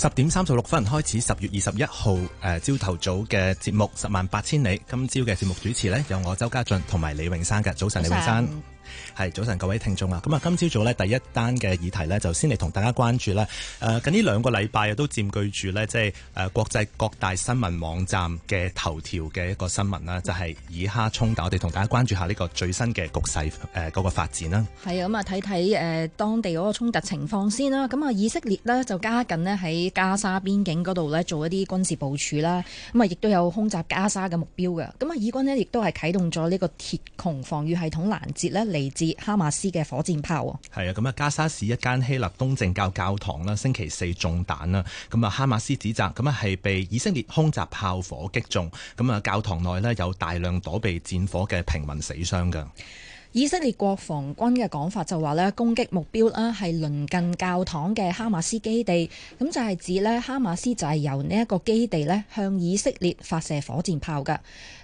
十點三十六分開始，十月二十一號，誒朝頭早嘅節目《十萬八千里》，今朝嘅節目主持咧有我周家俊同埋李永山嘅，早晨，李永山。係早晨，各位聽眾啊！咁啊，今朝早咧第一單嘅議題咧，就先嚟同大家關注咧。誒，近呢兩個禮拜啊，都佔據住咧，即係誒國際各大新聞網站嘅頭條嘅一個新聞啦，就係、是、以哈衝突。我哋同大家關注一下呢個最新嘅局勢誒嗰個發展啦。係啊，咁啊睇睇誒當地嗰個衝突情況先啦。咁啊，以色列咧就加緊咧喺加沙邊境嗰度咧做一啲軍事部署啦。咁啊，亦都有空襲加沙嘅目標嘅。咁啊，以軍咧亦都係啟動咗呢個鐵穹防禦系統攔截咧。嚟自哈馬斯嘅火箭炮啊，係啊，咁啊加沙市一間希臘東正教教堂啦，星期四中彈啦，咁啊哈馬斯指責咁啊係被以色列空襲炮火擊中，咁啊教堂內呢，有大量躲避戰火嘅平民死傷噶。以色列國防軍嘅講法就話呢攻擊目標呢係鄰近教堂嘅哈馬斯基地，咁就係指呢哈馬斯就係由呢一個基地呢向以色列發射火箭炮嘅。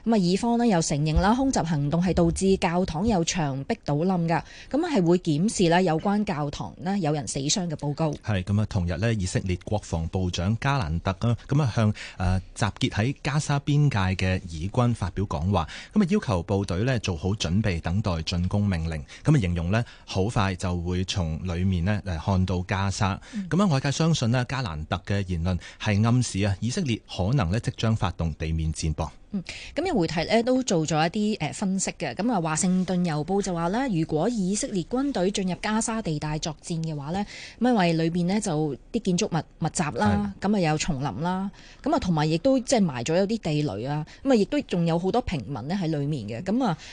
咁啊，以方呢又承認啦，空襲行動係導致教堂有牆壁倒冧嘅，咁啊係會檢視呢有關教堂呢有人死傷嘅報告。係咁啊，同日呢，以色列國防部長加蘭特啊，咁啊向誒、呃、集結喺加沙邊界嘅以軍發表講話，咁啊要求部隊呢做好準備，等待進攻命令，咁啊形容呢，好快就會從裏面呢嚟看到加沙。咁啊、嗯，外界相信呢，加蘭特嘅言論係暗示啊，以色列可能呢即將發動地面戰噃。嗯，咁有媒體呢，都做咗一啲誒分析嘅。咁啊，華盛頓郵報就話呢，如果以色列軍隊進入加沙地帶作戰嘅話呢，咁啊，因為裏面呢，就啲建築物密集啦，咁啊，有叢林啦，咁啊，同埋亦都即係埋咗有啲地雷啊，咁啊，亦都仲有好多平民呢喺裏面嘅，咁、嗯、啊。嗯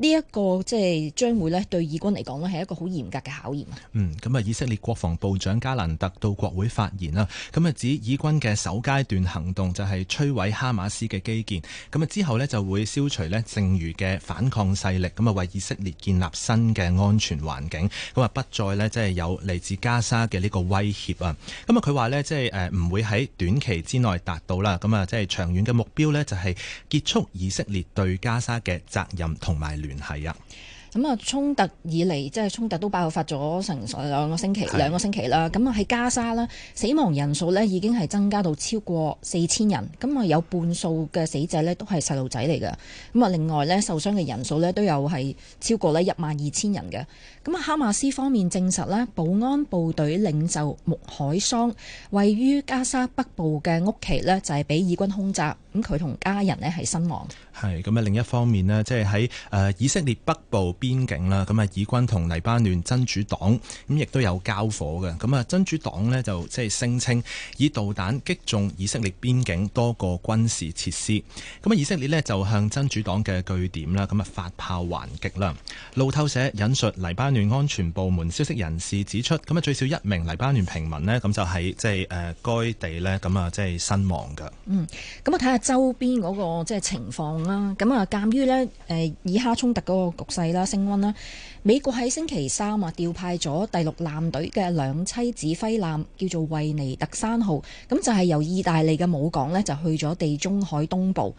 呢一個即係將會呢對以軍嚟講咧係一個好嚴格嘅考驗。嗯，咁啊，以色列國防部長加蘭特到國會發言啦。咁啊，指以軍嘅首階段行動就係摧毀哈馬斯嘅基建。咁啊，之後呢就會消除呢剩餘嘅反抗勢力。咁啊，為以色列建立新嘅安全環境。咁啊，不再呢即係有嚟自加沙嘅呢個威脅啊。咁啊，佢話咧即係誒唔會喺短期之內達到啦。咁啊，即係長遠嘅目標呢就係結束以色列對加沙嘅責任同埋。聯繫呀～咁啊，衝突以嚟即係衝突都爆發咗成兩個星期，兩是的 個星期啦。咁啊，喺加沙呢，死亡人數呢已經係增加到超過四千人。咁啊，有半數嘅死者呢都係細路仔嚟嘅。咁啊，另外呢，受傷嘅人數呢都有係超過呢一萬二千人嘅。咁啊，哈馬斯方面證實呢保安部隊領袖穆海桑位於加沙北部嘅屋企呢，就係、是、俾以軍空襲，咁佢同家人呢係身亡。係咁啊，另一方面呢，即係喺誒以色列北部。邊境啦，咁啊，以軍同黎巴嫩真主黨咁亦都有交火嘅。咁啊，真主黨咧就即係聲稱以導彈擊中以色列邊境多個軍事設施，咁啊，以色列咧就向真主黨嘅據點啦，咁啊發炮還擊啦。路透社引述黎巴嫩安全部門消息人士指出，咁啊最少一名黎巴嫩平民咧，咁就喺即係誒該地咧，咁啊即係身亡噶。嗯，咁啊睇下周邊嗰個即係情況啦。咁啊，鑒於咧誒以哈衝突嗰個局勢啦。升溫啦！美國喺星期三啊，調派咗第六艦隊嘅兩棲指揮艦叫做惠尼特山號，咁就係由意大利嘅母港呢，就去咗地中海東部。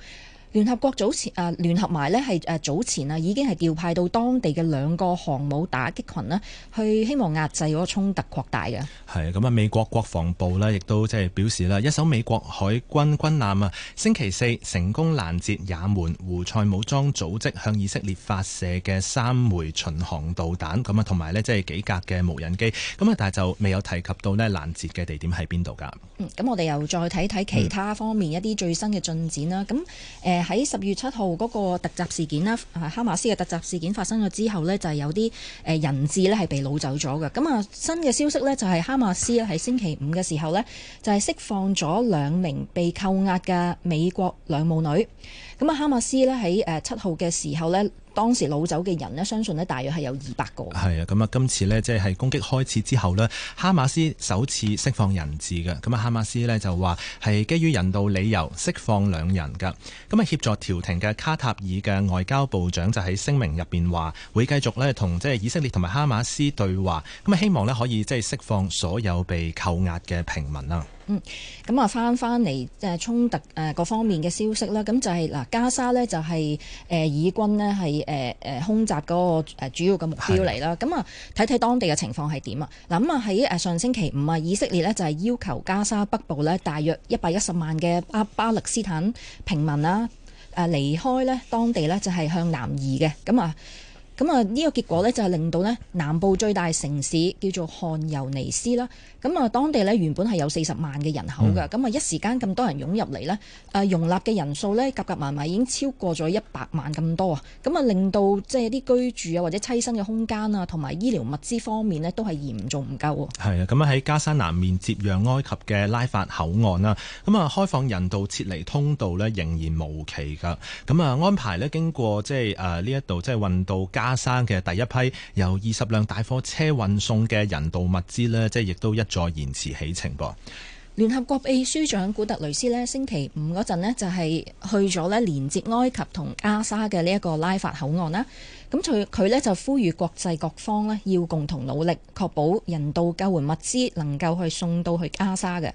聯合國早前誒、啊、聯合埋呢係誒、啊、早前啊已經係調派到當地嘅兩個航母打擊群呢，去希望壓制嗰個衝突擴大嘅。係咁啊，美國國防部呢亦都即係表示喇，一艘美國海軍軍艦啊，星期四成功攔截也門胡塞武裝組織向以色列發射嘅三枚巡航導彈。咁啊，同埋呢即係幾架嘅無人機。咁啊，但係就未有提及到呢攔截嘅地點喺邊度㗎？咁、嗯、我哋又再睇睇其他方面、嗯、一啲最新嘅進展啦。咁誒。呃喺十月七號嗰個突襲事件啦，哈馬斯嘅突襲事件發生咗之後呢，就係有啲誒人質呢係被擄走咗嘅。咁啊，新嘅消息呢，就係哈馬斯喺星期五嘅時候呢，就係、是、釋放咗兩名被扣押嘅美國兩母女。咁啊，哈馬斯呢喺誒七號嘅時候呢。當時擄走嘅人咧，相信咧大約係有二百個。係啊，咁啊，今次咧即係攻擊開始之後咧，哈馬斯首次釋放人質嘅。咁啊，哈馬斯咧就話係基於人道理由釋放兩人嘅。咁啊，協助調停嘅卡塔爾嘅外交部長就喺聲明入邊話，會繼續咧同即係以色列同埋哈馬斯對話。咁啊，希望咧可以即係釋放所有被扣押嘅平民啦。嗯，咁啊，返返嚟誒衝突誒各方面嘅消息啦，咁就係嗱，加沙咧就係誒以軍呢，係誒誒空襲嗰個主要嘅目標嚟啦，咁啊，睇睇當地嘅情況係點啊。嗱咁啊喺誒上星期五啊，以色列咧就係要求加沙北部咧大約一百一十萬嘅阿巴勒斯坦平民啦誒離開咧當地咧就係向南移嘅，咁啊。咁啊，呢個結果呢，就係令到呢南部最大城市叫做漢尤尼斯啦。咁啊，當地呢，原本係有四十萬嘅人口㗎，咁啊、嗯、一時間咁多人湧入嚟呢，啊容納嘅人數呢，夾夾埋埋已經超過咗一百萬咁多啊！咁啊，令到即係啲居住啊或者棲身嘅空間啊，同埋醫療物資方面呢，都係嚴重唔夠。係啊，咁啊喺加沙南面接壤埃及嘅拉法口岸啦，咁啊開放人道撤離通道呢，仍然無期㗎。咁啊安排呢，經過即係呢一度即係運到加。加沙嘅第一批由二十輛大貨車運送嘅人道物資呢，即係亦都一再延遲起程噃。聯合國秘書長古特雷斯咧，星期五嗰陣咧就係去咗咧連接埃及同加沙嘅呢一個拉法口岸啦。咁佢佢咧就呼籲國際各方咧要共同努力，確保人道救援物資能夠去送到去加沙嘅。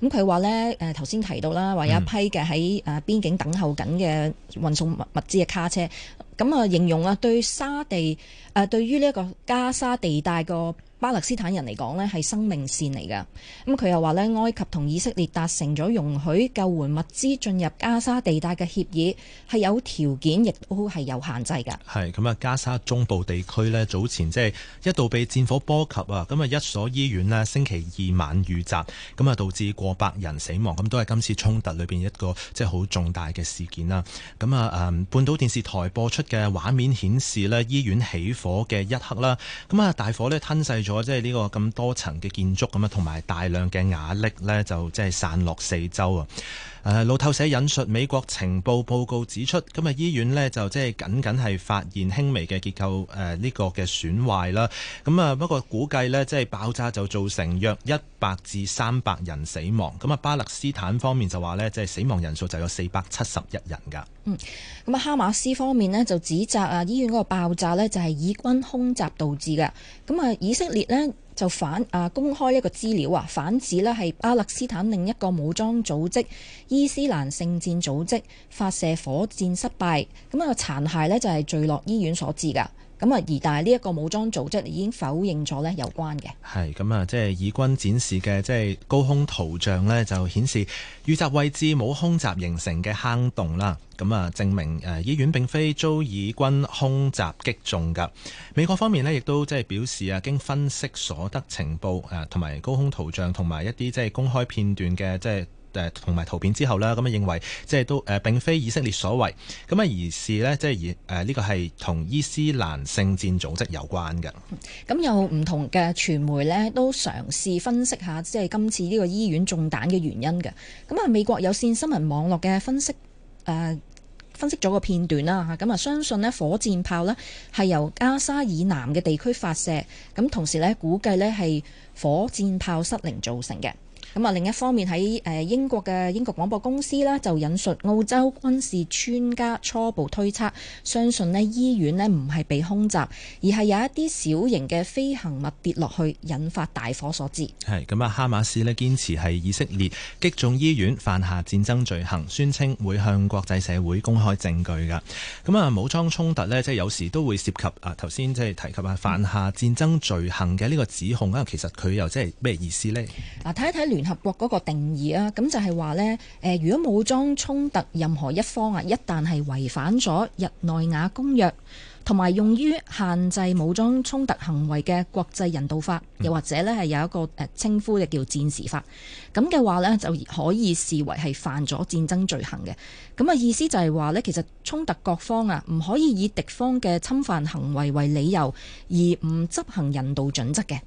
咁佢話呢，誒頭先提到啦，話有一批嘅喺誒邊境等候緊嘅運送物物資嘅卡車，咁啊、嗯、形容啊對沙地誒對於呢一個加沙地帶個。巴勒斯坦人嚟講咧係生命線嚟㗎，咁佢又話咧埃及同以色列達成咗容許救援物資進入加沙地帶嘅協議，係有條件，亦都係有限制㗎。係咁啊，加沙中部地區咧早前即係一度被戰火波及啊，咁啊一所醫院咧星期二晚遇襲，咁啊導致過百人死亡，咁都係今次衝突裏邊一個即係好重大嘅事件啦。咁啊，誒半島電視台播出嘅畫面顯示咧醫院起火嘅一刻啦，咁啊大火咧吞噬。即係呢個咁多層嘅建築咁啊，同埋大量嘅瓦礫咧，就即係散落四周啊！誒路透社引述美國情報報告指出，今日醫院呢就即係僅僅係發現輕微嘅結構誒呢個嘅損壞啦。咁啊不過估計呢，即係爆炸就造成約一百至三百人死亡。咁啊巴勒斯坦方面就話呢，即係死亡人數就有四百七十一人㗎。嗯，咁啊哈馬斯方面呢，就指責啊醫院嗰個爆炸呢，就係以軍空襲導致㗎。咁啊以色列呢。就反啊！公開一個資料啊，反指咧係巴勒斯坦另一個武裝組織伊斯蘭聖戰組織發射火箭失敗，咁啊個殘骸咧就係墜落醫院所致㗎。咁啊，而但係呢一個武裝組織已經否認咗呢有關嘅。係咁啊，即係以軍展示嘅即係高空圖像呢，就顯示遇襲位置冇空襲形成嘅坑洞啦。咁啊，證明誒醫院並非遭以軍空襲擊中㗎。美國方面呢，亦都即係表示啊，經分析所得情報啊同埋高空圖像同埋一啲即係公開片段嘅即係。誒同埋圖片之後呢，咁啊認為即係都誒、呃、並非以色列所為，咁啊而是呢，即係而誒呢個係同伊斯蘭聖戰組織有關嘅。咁、嗯、有唔同嘅傳媒呢，都嘗試分析下即係今次呢個醫院中彈嘅原因嘅。咁、嗯、啊美國有線新聞網絡嘅分析誒、呃、分析咗個片段啦嚇，咁、嗯、啊相信呢火箭炮呢，係由加沙以南嘅地區發射，咁、嗯、同時呢，估計呢係火箭炮失靈造成嘅。咁啊，另一方面喺誒英國嘅英國廣播公司咧，就引述澳洲軍事專家初步推測，相信咧醫院咧唔係被空襲，而係有一啲小型嘅飛行物跌落去，引發大火所致。係咁啊，哈馬斯咧堅持係以色列擊中醫院，犯下戰爭罪行，宣稱會向國際社會公開證據噶。咁啊，武裝衝突咧，即係有時都會涉及啊，頭先即係提及啊，犯下戰爭罪行嘅呢個指控，啊，其實佢又即係咩意思呢？嗱，睇一睇聯。合國嗰個定義啊，咁就係話呢。誒，如果武裝衝突任何一方啊，一旦係違反咗《日內瓦公約》同埋用於限制武裝衝突行為嘅國際人道法，又或者呢係有一個誒稱呼嘅叫戰時法，咁嘅話呢，就可以視為係犯咗戰爭罪行嘅。咁嘅意思就係話呢，其實衝突各方啊，唔可以以敵方嘅侵犯行為為理由而唔執行人道準則嘅。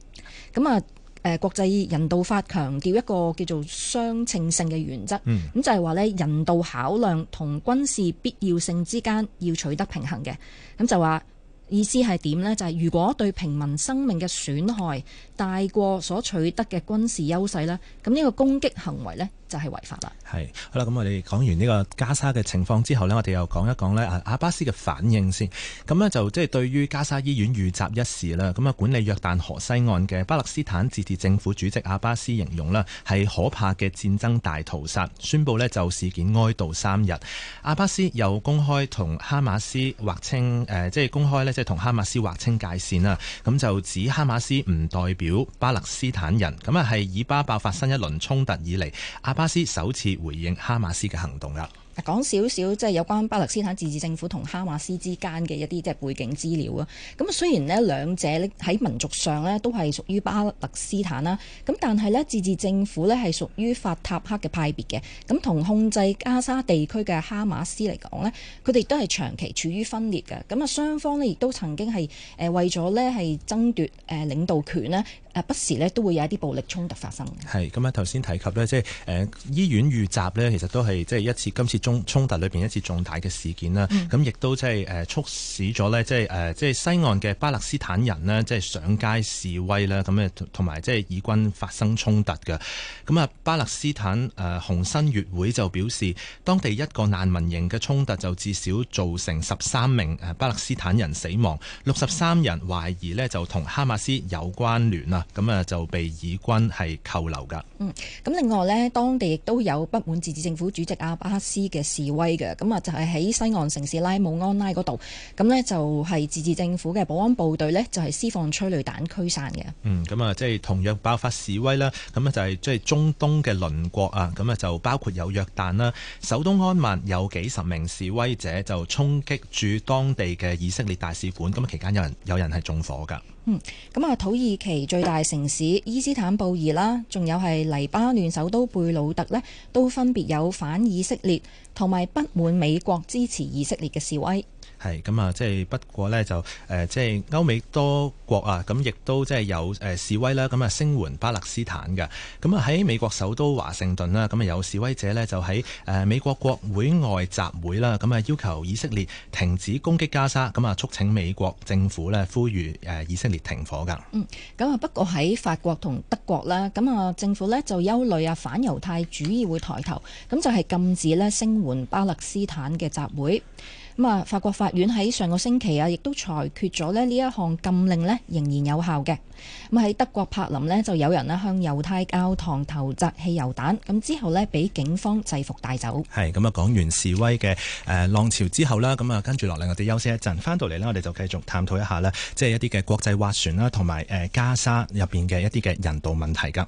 咁啊。誒國際人道法強調一個叫做相稱性嘅原則，咁、嗯、就係話咧，人道考量同軍事必要性之間要取得平衡嘅，咁就話、是。意思係點呢？就係、是、如果對平民生命嘅損害大過所取得嘅軍事優勢呢，咁呢個攻擊行為呢，就係違法啦。係，好啦，咁我哋講完呢個加沙嘅情況之後呢，我哋又講一講呢阿巴斯嘅反應先。咁呢，就即、是、係對於加沙醫院遇襲一事啦，咁啊管理約旦河西岸嘅巴勒斯坦自治政府主席阿巴斯形容啦係可怕嘅戰爭大屠殺，宣佈呢就事件哀悼三日。阿巴斯又公開同哈馬斯劃清，呃、即係公開呢同哈馬斯劃清界線啦，咁就指哈馬斯唔代表巴勒斯坦人，咁啊係以巴爆發新一輪衝突以嚟，阿巴斯首次回應哈馬斯嘅行動啦。講少少即係有關巴勒斯坦自治政府同哈馬斯之間嘅一啲即係背景資料啊。咁啊，雖然咧兩者咧喺民族上咧都係屬於巴勒斯坦啦，咁但係呢自治政府呢係屬於法塔赫嘅派別嘅，咁同控制加沙地區嘅哈馬斯嚟講呢，佢哋都係長期處於分裂嘅。咁啊，雙方呢亦都曾經係誒為咗呢係爭奪誒領導權呢誒不時呢都會有一啲暴力衝突發生。係咁啊，頭先提及呢，即係誒醫院遇襲呢，其實都係即係一次今次衝突裏邊一次重大嘅事件啦，咁亦都即係誒促使咗呢，即係誒即係西岸嘅巴勒斯坦人呢，即係上街示威啦。咁誒同埋即係以軍發生衝突嘅。咁啊，巴勒斯坦誒紅新月會就表示，當地一個難民營嘅衝突就至少造成十三名誒巴勒斯坦人死亡，六十三人懷疑呢就同哈馬斯有關聯啊，咁啊就被以軍係扣留噶。嗯，咁另外呢，當地亦都有不滿自治政府主席阿巴斯嘅示威嘅，咁啊就係喺西岸城市拉姆安拉嗰度，咁咧就係自治政府嘅保安部隊咧就係施放催淚彈驅散嘅。嗯，咁啊即係同樣爆發示威啦，咁啊，就係即係中東嘅鄰國啊，咁啊就包括有約旦啦，首都安曼有幾十名示威者就衝擊住當地嘅以色列大使館，咁啊，期間有人有人係縱火噶。嗯，咁啊，土耳其最大城市伊斯坦布爾啦，仲有係黎巴嫩首都貝魯特咧，都分別有反以色列，同埋不滿美國支持以色列嘅示威，係，咁啊！即係不過咧，就誒即係歐美多國啊，咁亦都即係有誒、呃、示威啦，咁啊聲援巴勒斯坦嘅。咁啊喺美國首都華盛頓啦，咁啊有示威者咧就喺誒、啊、美國國會外集會啦，咁啊要求以色列停止攻擊加沙，咁啊促請美國政府咧呼籲誒、啊、以色列停火㗎。嗯，咁啊不過喺法國同德國啦，咁啊政府咧就憂慮啊反猶太主義會抬頭，咁就係禁止咧聲升援巴勒斯坦嘅集會，咁啊，法國法院喺上個星期啊，亦都裁決咗咧呢一項禁令呢仍然有效嘅。咁喺德國柏林呢，就有人呢向猶太教堂投擲汽油彈，咁之後呢，俾警方制服帶走。係咁啊，講完示威嘅誒浪潮之後啦，咁啊跟住落嚟我哋休息一陣，返到嚟呢，我哋就繼續探討一下呢，即係一啲嘅國際划船啦，同埋誒加沙入邊嘅一啲嘅人道問題噶。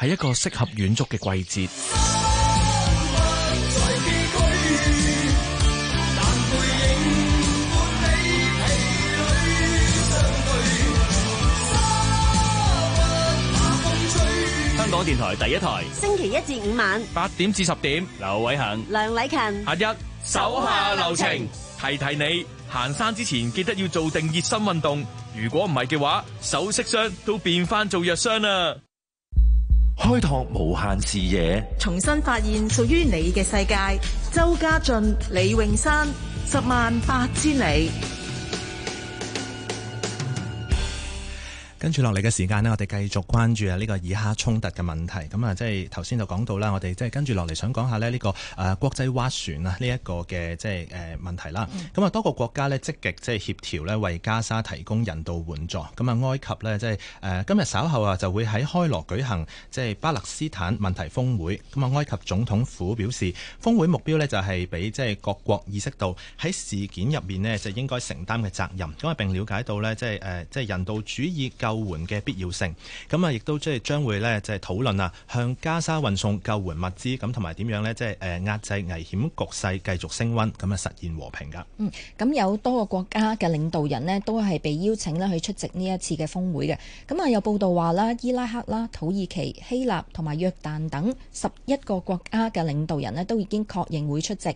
係一個適合遠足嘅季節。香港電台第一台，星期一至五晚八點至十點，劉偉恆、梁禮勤。下一手下留情，提提你行山之前記得要做定熱身運動，如果唔係嘅話，首飾箱都變翻做藥箱啦。開拓無限視野，重新發現屬於你嘅世界。周家俊、李詠山，十萬八千里。跟住落嚟嘅時間呢，我哋繼續關注啊呢個以哈衝突嘅問題。咁啊，即係頭先就講到啦，我哋即係跟住落嚟想講下呢個誒國際斡旋啊呢一個嘅即係誒問題啦。咁啊，多個國家呢積極即係協調呢，為加沙提供人道援助。咁啊，埃及呢，即係誒今日稍後啊就會喺開羅舉行即係巴勒斯坦問題峰會。咁啊，埃及總統府表示，峰會目標呢，就係俾即係各國意識到喺事件入面呢，就應該承擔嘅責任。咁啊，並了解到呢，即係即係人道主義救援嘅必要性，咁啊，亦都即係將會呢即係討論啊，向加沙運送救援物資，咁同埋點樣呢即係誒壓制危險局勢繼續升溫，咁啊，實現和平噶。嗯，咁有多個國家嘅領導人咧，都係被邀請咧去出席呢一次嘅峰會嘅。咁啊，有報道話啦，伊拉克啦、土耳其、希臘同埋約旦等十一個國家嘅領導人都已經確認會出席。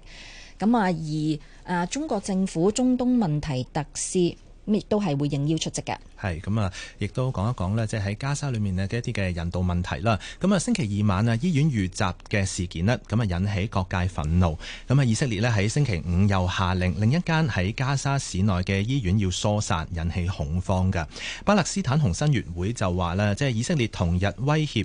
咁啊，而啊，中國政府中東問題特使。亦都係會應邀出席嘅。係咁啊，亦都講一講呢，即係喺加沙裏面呢，嘅一啲嘅人道問題啦。咁啊，星期二晚啊，醫院遇襲嘅事件呢，咁啊引起各界憤怒。咁啊，以色列呢，喺星期五又下令另一間喺加沙市內嘅醫院要疏散，引起恐慌㗎。巴勒斯坦紅新月會就話咧，即係以色列同日威脅誒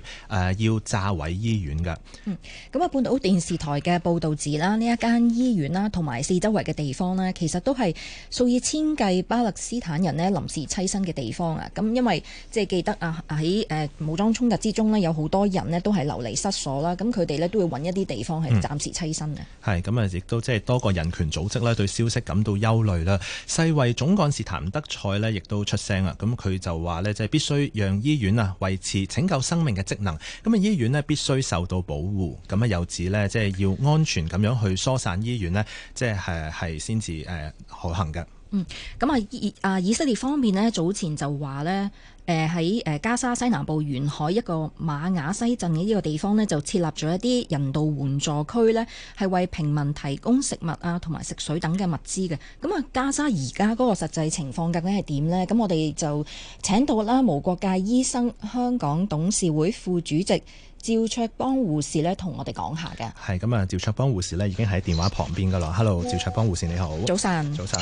要炸毀醫院㗎。咁啊、嗯，半島電視台嘅報導指啦，呢一間醫院啦，同埋四周圍嘅地方咧，其實都係數以千計巴勒斯斯坦人呢，臨時棲身嘅地方啊，咁因為即係記得啊，喺誒武裝衝突之中呢，有好多人呢都係流離失所啦，咁佢哋呢都會揾一啲地方係暫時棲身嘅。係咁啊，亦都即係多個人權組織咧，對消息感到憂慮啦。世衛總幹事譚德賽呢亦都出聲啊，咁佢就話，即係必須讓醫院啊維持拯救生命嘅職能，咁啊醫院呢必須受到保護，咁啊又指即係要安全咁樣去疏散醫院咧，即係係先至誒可行嘅。嗯，咁啊，啊以色列方面呢早前就話呢誒喺誒加沙西南部沿海一個馬雅西鎮嘅呢個地方呢就設立咗一啲人道援助區呢係為平民提供食物啊，同埋食水等嘅物資嘅。咁、嗯、啊，加沙而家嗰個實際情況究竟係點呢？咁我哋就請到啦無國界醫生香港董事會副主席趙卓邦護士呢同我哋講下嘅。係咁啊，趙卓邦護士呢已經喺電話旁邊噶啦。Hello，趙卓邦護士你好。早晨。早晨。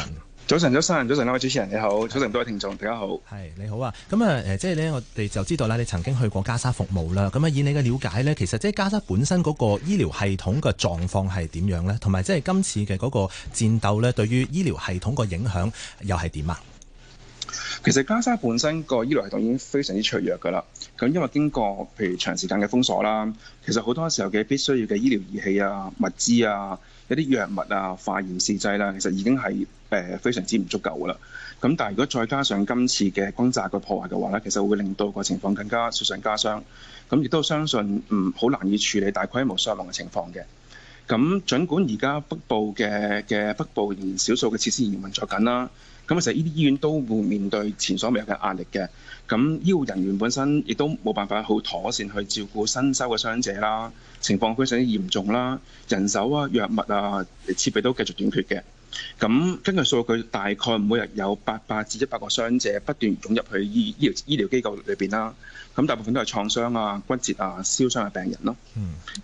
早晨，早晨，早晨，兩位主持人你好，早晨，多位聽眾，大家好。係你好啊，咁啊、呃、即係咧，我哋就知道啦，你曾經去過加沙服務啦。咁啊，以你嘅了解咧，其實即係加沙本身嗰個醫療系統嘅狀況係點樣咧？同埋即係今次嘅嗰個戰鬥咧，對於醫療系統嘅影響又係點啊？其實加沙本身個醫療系統已經非常之脆弱㗎啦，咁因為經過譬如長時間嘅封鎖啦，其實好多時候嘅必須要嘅醫療儀器啊、物資啊、一啲藥物啊、化驗試劑啦、啊，其實已經係誒、呃、非常之唔足夠㗎啦。咁但係如果再加上今次嘅轟炸個破壞嘅話咧，其實會令到個情況更加雪上加霜。咁亦都相信唔好難以處理大規模傷亡嘅情況嘅。咁儘管而家北部嘅嘅北部仍然少數嘅設施仍然運作緊啦。咁其實呢啲醫院都會面對前所未有嘅壓力嘅，咁醫護人員本身亦都冇辦法好妥善去照顧新收嘅傷者啦，情況非常之嚴重啦，人手啊、藥物啊、設備都繼續短缺嘅。咁根據數據，大概每日有八百至一百個傷者不斷湧入去醫醫療醫療機構裏邊啦。咁大部分都係創傷啊、骨折啊、燒傷嘅病人咯。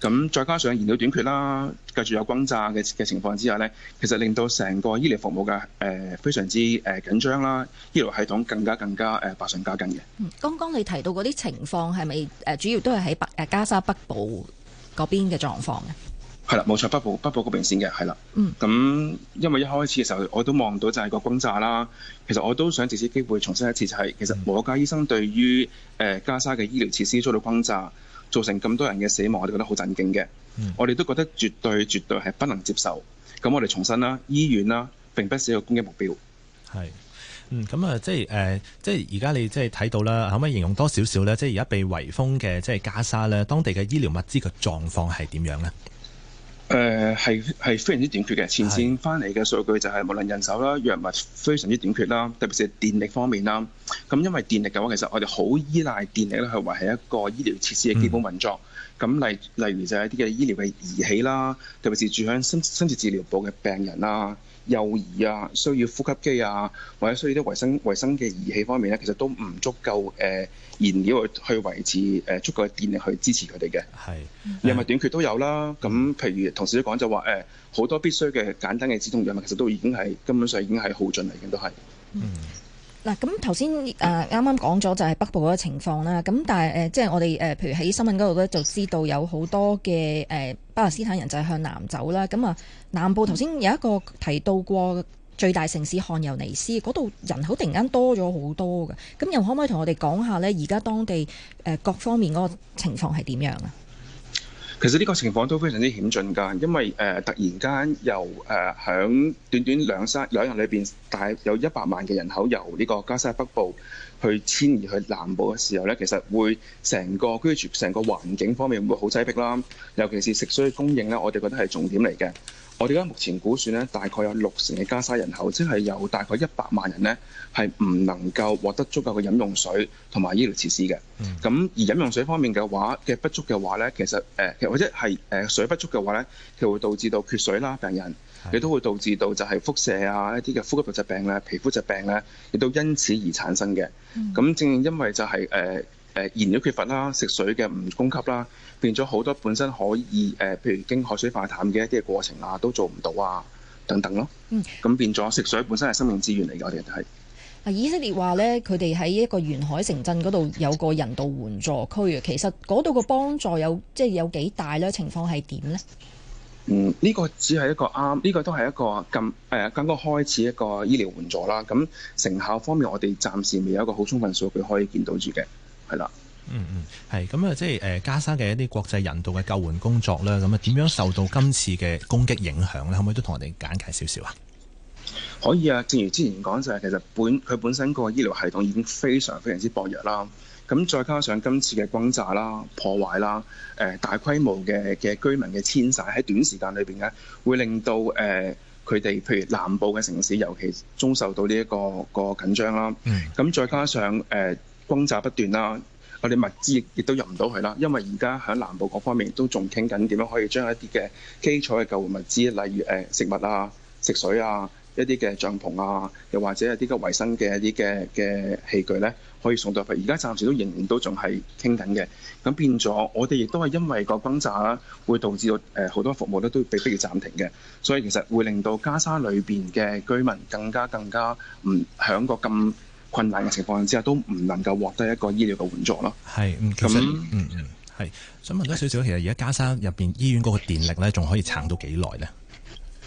咁、嗯、再加上燃料短缺啦，繼續有轟炸嘅嘅情況之下咧，其實令到成個醫療服務嘅誒、呃、非常之誒、呃、緊張啦，醫療系統更加更加誒百上加緊嘅。嗯，剛剛你提到嗰啲情況係咪誒主要都係喺北誒加沙北部嗰邊嘅狀況嘅？係啦，冇錯，北部北部個平線嘅係啦。嗯。咁、嗯、因為一開始嘅時候，我都望到就係個轟炸啦。其實我都想借此機會重申一次，就係、是、其實無國界醫生對於誒加沙嘅醫療設施遭到轟炸，造成咁多人嘅死亡，我哋覺得好震驚嘅。嗯、我哋都覺得絕對絕對係不能接受。咁我哋重申啦，醫院啦並不是一個攻擊目標。係嗯咁啊、嗯，即係誒、呃，即係而家你即係睇到啦。可唔可以形容多少少咧？即係而家被圍封嘅即係加沙咧，當地嘅醫療物資嘅狀況係點樣咧？誒係係非常之短缺嘅，前線翻嚟嘅數據就係、是、的無論人手啦、藥物非常之短缺啦，特別是電力方面啦。咁因為電力嘅話，其實我哋好依賴電力咧去維係一個醫療設施嘅基本運作。咁例、嗯、例如就係一啲嘅醫療嘅儀器啦，特別是住響深切深切治療部嘅病人啦。幼兒啊，需要呼吸機啊，或者需要啲維生維生嘅儀器方面咧，其實都唔足夠誒、呃、燃料去去維持誒、呃、足夠嘅電力去支持佢哋嘅。係是，藥物短缺都有啦。咁、嗯、譬如同事都講就話誒，好、呃、多必須嘅簡單嘅止痛藥物，其實都已經係根本上已經係耗盡嚟嘅，已經都係。嗯。嗱，咁頭先誒啱啱講咗就係北部嗰個情況啦，咁但係誒、呃，即係我哋誒、呃，譬如喺新聞嗰度咧，就知道有好多嘅誒、呃、巴勒斯坦人就係向南走啦，咁啊南部頭先有一個提到過最大城市漢尤尼斯，嗰度人口突然間多咗好多㗎，咁又可唔可以同我哋講下咧？而家當地誒、呃、各方面嗰個情況係點樣啊？其實呢個情況都非常之險峻㗎，因為誒、呃、突然間由誒響、呃、短短兩三兩日裏面，大有一百萬嘅人口由呢個加沙北部去遷移去南部嘅時候咧，其實會成個居住、成個環境方面會好擠迫啦。尤其是食水供應咧，我哋覺得係重點嚟嘅。我哋而家目前估算咧，大概有六成嘅加沙人口，即係有大概一百萬人咧，係唔能夠獲得足夠嘅飲用水同埋醫療設施嘅。咁、嗯、而飲用水方面嘅話，嘅不足嘅話，咧，其實，誒、呃，或者係水不足嘅話，咧，佢會導致到缺水啦、病人，亦都會導致到就係腹瀉啊一啲嘅呼吸道疾病咧、皮膚疾病咧，亦都因此而產生嘅。咁、嗯、正因為就係，呃誒燃料缺乏啦、啊，食水嘅唔供給啦、啊，變咗好多本身可以誒、呃，譬如經海水化淡嘅一啲嘅過程啊，都做唔到啊，等等咯。嗯，咁變咗食水本身係生命資源嚟㗎。我哋就係以色列話咧，佢哋喺一個沿海城鎮嗰度有個人道援助區，其實嗰度個幫助有即係、就是、有幾大咧？情況係點咧？嗯，呢、這個只係一個啱呢、這個都係一個咁誒咁個開始一個醫療援助啦。咁成效方面，我哋暫時未有一個好充分數據可以見到住嘅。係啦、嗯，嗯嗯，係咁啊，即係誒，加沙嘅一啲國際人道嘅救援工作咧，咁啊，點樣受到今次嘅攻擊影響咧？可唔可以都同我哋簡介少少啊？可以啊，正如之前講就係，其實本佢本身個醫療系統已經非常非常之薄弱啦。咁再加上今次嘅轟炸啦、破壞啦、誒、呃、大規模嘅嘅居民嘅遷徙喺短時間裏邊咧，會令到誒佢哋譬如南部嘅城市，尤其中受到呢、這、一個個緊張啦。嗯，咁再加上誒。呃轟炸不斷啦，我哋物資亦都入唔到去啦，因為而家喺南部各方面都仲傾緊點樣可以將一啲嘅基礎嘅救援物資，例如誒食物啊、食水啊、一啲嘅帳篷啊，又或者一啲嘅衞生嘅一啲嘅嘅器具咧，可以送到去。而家暫時都仍然都仲係傾緊嘅，咁變咗我哋亦都係因為個轟炸啦，會導致到誒好多服務咧都被迫要暫停嘅，所以其實會令到加沙裏面嘅居民更加更加唔響個咁。困難嘅情況之下，都唔能夠獲得一個醫療嘅援助咯。係，咁嗯，係想問多少少，其實而家那、嗯、加沙入邊醫院嗰個電力咧，仲可以撐到幾耐咧？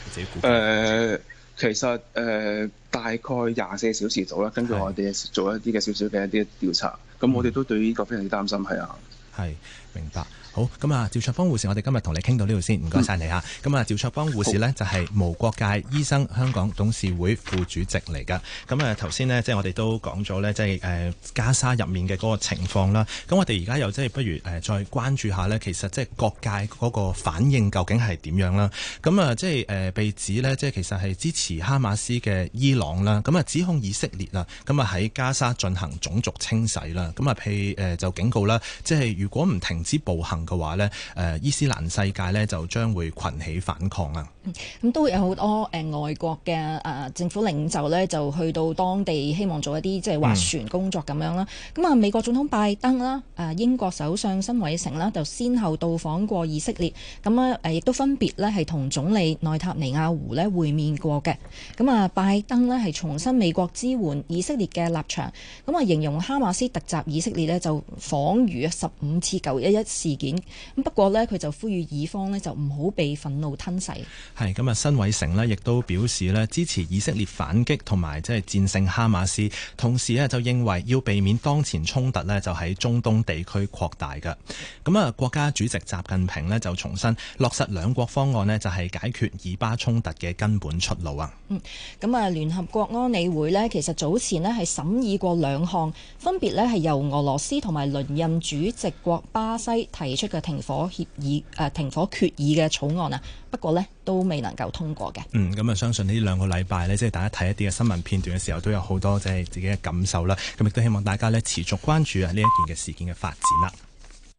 你自己估誒、呃，其實誒、呃、大概廿四小時到啦。根據我哋做一啲嘅少少嘅一啲調查，咁是我哋都對呢個非常之擔心。係啊，係明白。好，咁啊，趙卓邦護士，我哋今日同你傾到呢度先，唔該晒你啊。咁啊、嗯，趙卓邦護士呢，好就係無國界醫生香港董事會副主席嚟噶。咁啊頭先呢，即係我哋都講咗呢，即係誒、呃、加沙入面嘅嗰個情況啦。咁我哋而家又即係不如誒、呃、再關注下呢，其實即係各界嗰個反應究竟係點樣啦？咁啊，即係誒、呃、被指呢，即係其實係支持哈馬斯嘅伊朗啦。咁啊，指控以色列啦，咁啊喺加沙進行種族清洗啦。咁啊，譬、呃、誒就警告啦，即係如果唔停止暴行。嘅話咧，伊斯蘭世界咧就將會群起反抗啊！咁都會有好多誒外國嘅誒政府領袖咧，就去到當地，希望做一啲即係斡旋工作咁樣啦。咁啊、嗯，美國總統拜登啦，誒英國首相辛偉誠啦，就先後到訪過以色列。咁啊，誒亦都分別咧係同總理內塔尼亞胡咧會面過嘅。咁啊，拜登咧係重申美國支援以色列嘅立場，咁啊，形容哈馬斯突襲以色列咧，就仿如十五次九一一事件。咁、嗯、不過呢，佢就呼籲以方呢，就唔好被憤怒吞噬。係咁啊，辛偉誠呢亦都表示呢，支持以色列反擊同埋即係戰勝哈馬斯，同時呢，就認為要避免當前衝突呢，就喺中東地區擴大嘅。咁、嗯、啊，國家主席習近平呢，就重申落實兩國方案呢，就係、是、解決以巴衝突嘅根本出路啊。嗯，咁、嗯、啊、嗯，聯合國安理會呢，其實早前呢，係審議過兩項，分別呢，係由俄羅斯同埋輪任主席國巴西提出嘅停火協議誒、呃、停火決議嘅草案啊，不過呢都未能夠通過嘅。嗯，咁啊，相信呢兩個禮拜呢，即、就、係、是、大家睇一啲嘅新聞片段嘅時候，都有好多即係自己嘅感受啦。咁亦都希望大家呢，持續關注啊呢一件嘅事件嘅發展啦。